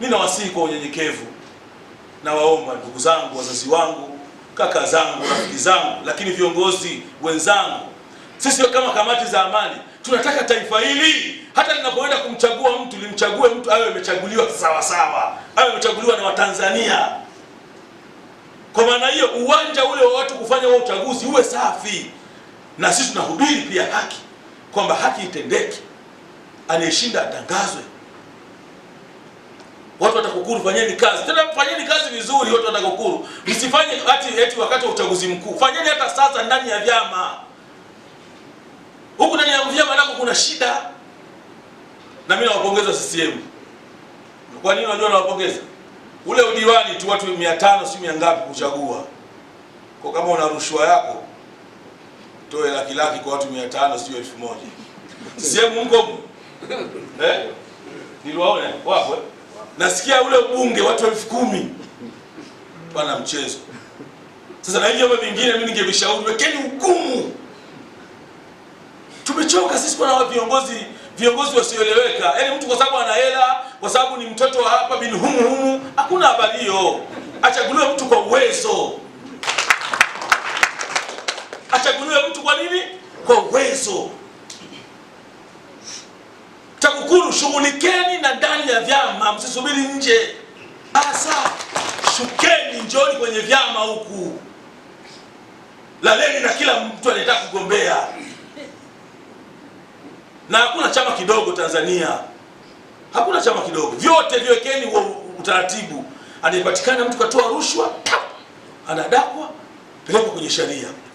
Mimi nawasihi kwa unyenyekevu, nawaomba ndugu zangu, wazazi wangu, kaka zangu, rafiki zangu, lakini viongozi wenzangu, sisi kama kamati za amani tunataka taifa hili hata linapoenda kumchagua mtu limchague mtu awe amechaguliwa sawa sawa, awe amechaguliwa na Watanzania. Kwa maana hiyo, uwanja ule wa watu kufanya huo uchaguzi uwe safi, na sisi tunahubiri pia haki, kwamba haki itendeke, anayeshinda atangazwe watu watakukuru, fanyeni kazi tena, fanyeni kazi vizuri, watu watakukuru. Msifanye ati eti wakati wa uchaguzi mkuu, fanyeni hata sasa ndani ya vyama. Huku ndani ya vyama nako kuna shida, na mimi nawapongeza CCM. Kwa nini? Unajua nawapongeza ule udiwani tu watu 500 si mia ngapi kuchagua kwa, kama una rushwa yako toe laki laki kwa watu 500 sio 1000 sehemu mko eh, niliwaona wapo eh? nasikia ule ubunge watu elfu kumi pana mchezo sasa. Na hivi vingine mimi ningevishauri wekeni hukumu. Tumechoka sisi kuwa viongozi viongozi wasioeleweka, yaani mtu kwa sababu ana hela, kwa sababu ni mtoto wa hapa bin humu humu, hakuna habari hiyo. Achaguliwe mtu kwa uwezo, achaguliwe mtu kwa nini? Kwa uwezo. TAKUKURU, shughulikeni na ndani ya vyama, msisubiri nje. Ah, Sasa shukeni, njoni kwenye vyama huku, laleni na kila mtu anayetaka kugombea, na hakuna chama kidogo Tanzania, hakuna chama kidogo, vyote viwekeni utaratibu. Anayepatikana mtu katoa rushwa, anadakwa, pelekwa kwenye sheria.